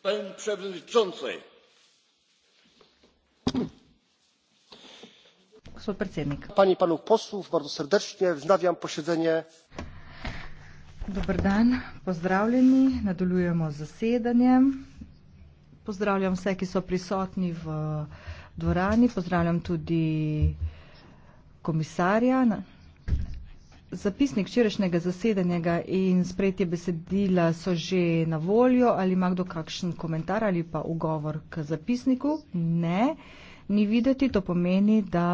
pani predsednica pani i panów posłów bardzo serdecznie wznawiam posiedzenie. dober dan pozdravljeni nadaljujemo z zasedanjem pozdravljam vse ki so prisotni v dvorani pozdravljam tudi komisarja na, Zapisnik včerajšnjega zasedanja in sprejetje besedila so že na voljo. Ali ima kdo kakšen komentar ali pa ugovor k zapisniku? Ne. Ni videti, to pomeni, da.